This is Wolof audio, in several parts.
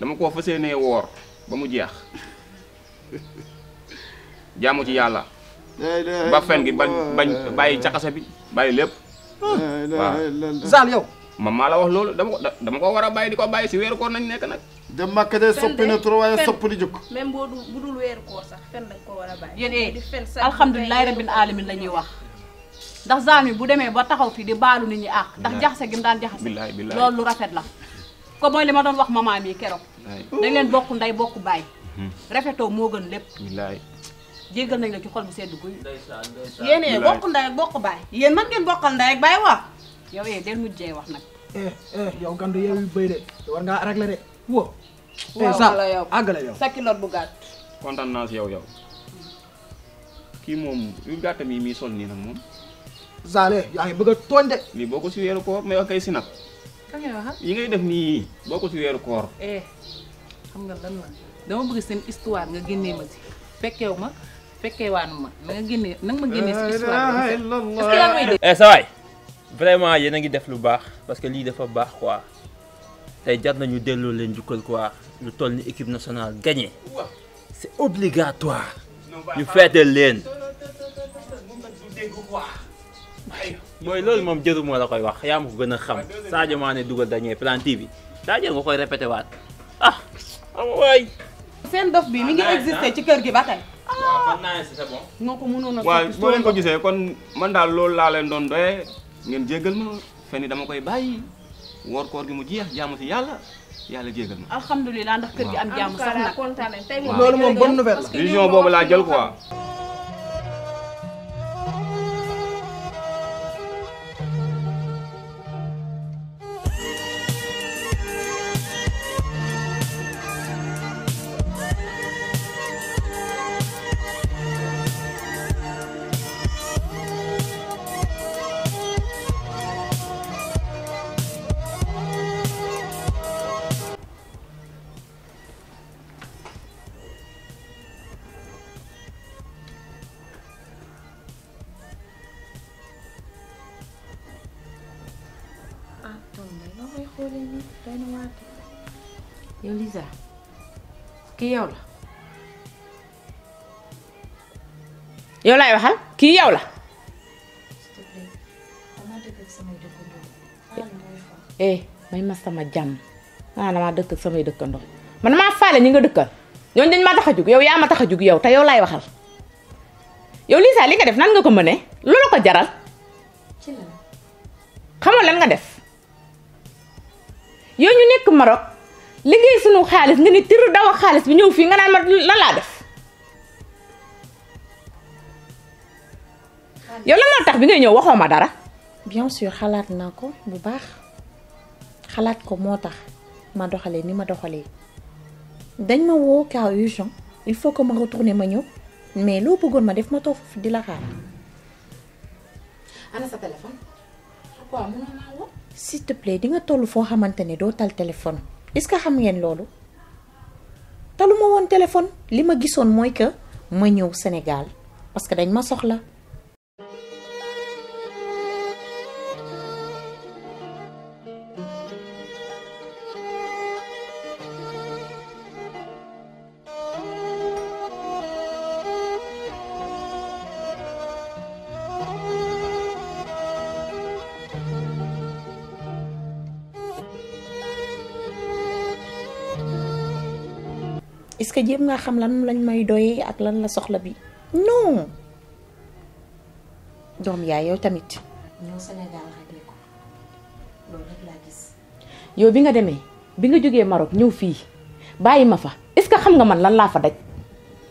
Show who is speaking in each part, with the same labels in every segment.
Speaker 1: dama koo fas yéenee woor ba mu jeex jaamu ci yàlla. ba fen gi bañ bañ bàyyi caxasa bi bàyyi lépp. waaw Zal yow. man maa la wax loolu dama ko dama ko war a bàyyi di ko bàyyi si weeru koor nañ nekk nag. dem Màkka de soppi na trop waaye soppi dul
Speaker 2: budul weeru sax fen dañ war a bàyyi. yéen eh, di fen sax alhamdulilah rabbil alamin wax. ndax Zal mi bu demee ba taxaw fii di baalu ni ñi àq. ndax jaxase gi mu daan jaxase. loolu lu rafet la. ko mooy li ma doon wax ma mi keroog. dañ leen bokk nday bokk baay. Hmm. rafetoo moo gën lépp. jéggal nañ la ci xol bu sedd guy. yéen yee bokk nday ak baay. yéen man ngeen bokkal nday baay wax. yow yee del mujjee wax nag.
Speaker 1: eh eh yow gandu yow yu bëy de war ngaa réglé de wo. waaw eh, sa sa
Speaker 2: kilo bu gàtt.
Speaker 1: kontaan naa si yow yow. kii moom yu gàtt mii muy sol nii nag moom. Zale yaa ngi a tooñ de. lii boo si weeru koor mais wax kay si nag. kan yi ngay def nii boo ko ci weeru koor.
Speaker 2: xam nga lan la dama bëgg seen histoire nga génnee ma si fekkew ma fekkewaanu ma na nga na ma génnee si
Speaker 1: histoire vraiment yéen a ngi def lu baax parce que lii dafa baax quoi tey jar nañu delloo leen jukkal quoi lu toll ni équipe nationale gagné c'est obligatoire ñu feetal leen. booy loolu moom jëru moo la koy wax yaa ma ko gën a xam Sadio Mané dugal dañuy planti bi daa jël nga koy répété waat ah
Speaker 2: am ah waay seen dof bi mi ngi existé ci kër gi ba tey kon ah. naa si c'est ko mënoon a waaw boo leen ko gisee
Speaker 1: kon man daal loolu laa leen doon doyee ngeen jéggal ma fen yi dama koy bàyyi woor koor gi mu jeex jaamu si yàlla yàlla jégal ma
Speaker 2: alhamdulilah ndax kër gi am jaamu sax nag kontaan nañ tey loolu moom bonne nouvelle
Speaker 1: vision boobu laa jël quoi day
Speaker 2: yow Lisa kii yow la yow laay waxal kii yow la eh may ma sama jàmm ah damaa dëkk samay dëkkandoo man damaa faale ñi nga dëkkal ñooñu dañ ma tax a jug yow yaa ma tax a jug yow te yow laay waxal yow Lisa li nga def nan nga ko mënee loola ko jaral xamoo lan nga def. yow ñu nekk Maroc liggéey sunu xaalis nga ni tiru daw ak xaalis bi ñëw fii nga naan ma lan laa def yow lan moo tax bi ngay ñëw waxoo ma dara
Speaker 1: bien sûr xalaat naa ko bu baax xalaat ko moo tax ma doxalee ni ma doxalee dañ ma woo cas urgent il faut que ma retourner ma ñëw mais loo bëggoon ma def ma toog di la xaar
Speaker 2: ana sa téléphone pourquoi mënoo maa
Speaker 1: woo s'il te plaît di nga toll foo xamante ne doo tal téléphone est-ce que xam ngeen loolu taluma woon téléphone li ma gisoon mooy que ma ñëw Sénégal parce que dañ ma soxla est-ce que jéem nga xam lan lañ may doyee ak lan la soxla bi non
Speaker 2: dom ya yow tamit
Speaker 1: ñëw Sénégal xajee ko
Speaker 2: lool rek la gis yow bi nga démé bi nga joggé Maroc ñew fi bàyyi ma fa est-ce que xam nga man lan la fa daj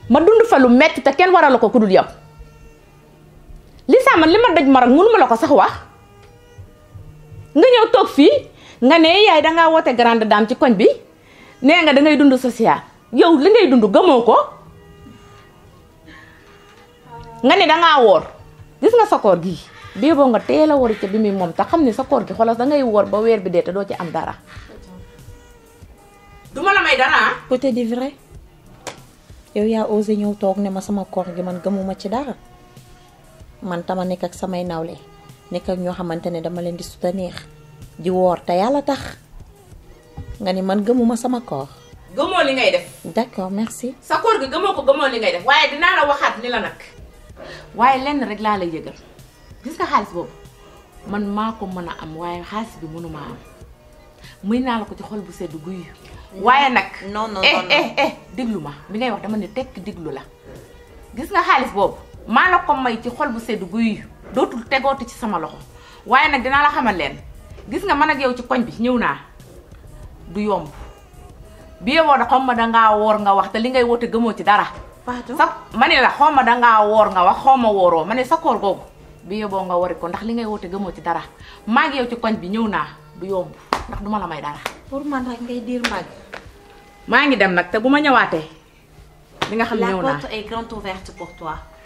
Speaker 2: ma dund fa lu metti te kenn waral ko kudul yow li man lima daj Maroc mënuma la sax wax nga ñew tok fi nga né yaay nga woté grande dame ci koñ bi nee nga dangay dund social yow li ngay dund gëmoo nga ne nga wor gis nga sa koor gi bi bo nga teel wor wori bi mi mom te xamni ne sa koor gi xoolal da ngay wor ba weer bi dee te ci am dara. duma la may dara. côté di vrai yow ya osé ñëw toog ne ma sama koor gi man gëmuma
Speaker 1: ci dara man tama nek ak samay nawle nek ak ño xamantene dama leen di soutenir di wor ta yalla tax nga ni man gëmuma sama koor. li ngay def.
Speaker 2: d'accord merci. sa koor gi gëmoo ko gëmoo li ngay def waaye dinaa la waxaat ni la nag. waaye lenn rek laa la yëgal gis nga xaalis boobu maa ko mën a am waaye xaalis bi mënuma muy naa la ko ci xol bu sedd guy. waaye nag. non eh, eh, eh, ma bi ngay wax dama ne tekk déglu la. gis nga xaalis boobu maa la ko may ci xol bu sedd guy dootul tegootu ci sama loxo waaye nag dinaa la xamal leen gis nga mën ak yow ci koñ bi ñëw naa du yomb. bi woo da xaw ma dangaa woor nga wax te li ngay woote gëmoo ci dara. pardon sa ma ne la xaw ma dangaa woor nga wax xaw ma wooroo ma ne sa koor googu bi yóbboo nga wari ko ndax li ngay woote gëmoo ci dara maa ngi yow ci koñ bi ñëw naa du yomb ndax duma la may dara.
Speaker 1: pour man rek ngay diir mag.
Speaker 2: maa ngi dem nag te bu ma ñëwaatee. li nga xam ñëw naa la porte
Speaker 1: est grande ouverte